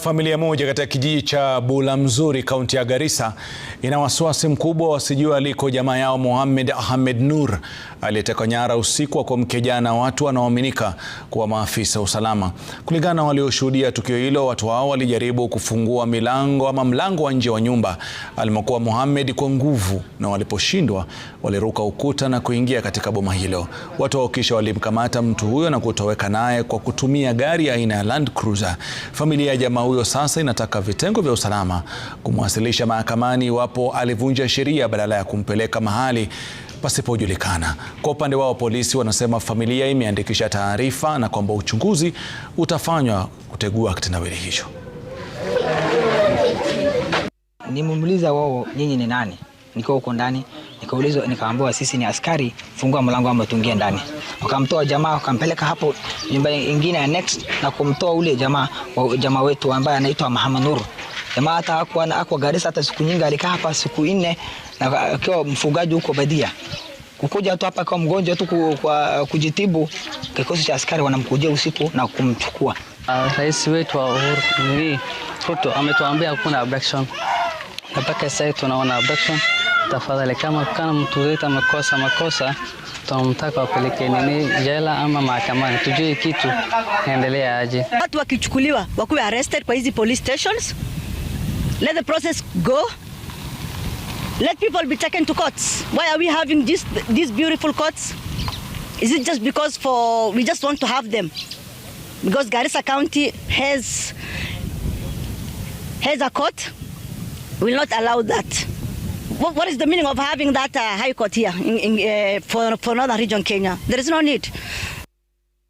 Familia moja katika kijiji cha bula mzuri kaunti ya Garissa ina wasiwasi mkubwa wasijua aliko jamaa yao Mohamed Ahmed Nur aliyetekwa nyara usiku wa kuamkia jana, watu wanaoaminika kuwa maafisa usalama. Kulingana na walioshuhudia tukio hilo, watu hao walijaribu kufungua milango ama mlango wa nje wa nyumba alimokuwa Mohamed kwa nguvu, na waliposhindwa waliruka ukuta na kuingia katika boma hilo. Watu hao kisha walimkamata mtu huyo na kutoweka naye kwa kutumia gari aina ya Land Cruiser. Familia ya jamaa huyo sasa inataka vitengo vya usalama kumwasilisha mahakamani iwapo alivunja sheria badala ya kumpeleka mahali pasipojulikana. Kwa upande wao, polisi wanasema familia imeandikisha taarifa na kwamba uchunguzi utafanywa kutegua kitendawili hicho. Nimemuuliza wao, nyinyi ni nani? Niko huko ndani Nikaulizwa, nikaambiwa sisi ni askari, fungua mlango ama tuingie ndani. Wakamtoa jamaa wakampeleka hapo nyumba nyingine ya next na kumtoa ule jamaa jamaa wetu ambaye anaitwa Muhammad Nur. Jamaa hata hakuwa hakuwa Garissa hata siku nyingi, alikaa hapa siku nne na akiwa mfugaji huko Badia kukuja tu hapa kwa mgonjwa tu kwa kujitibu, kikosi cha askari wanamkujia usiku na kumchukua. Uh, rais wetu wa Uhuru ni Ruto ametuambia hakuna abduction, na mpaka sasa tunaona abduction Tafadhali, kama kana mtu yoyote amekosa makosa, tunamtaka wapeleke nini jela ama mahakamani, tujue kitu naendelea aje. Watu wakichukuliwa wakuwe arrested kwa hizi police stations, let the process go, let people be taken to courts. Why are we having this, these beautiful courts? Is it just because for we just want to have them? Because Garissa County has has a court, we'll not allow that. What, what is the meaning of having that uh, High Court here in, in, uh, for, for another Region Kenya? There is no need.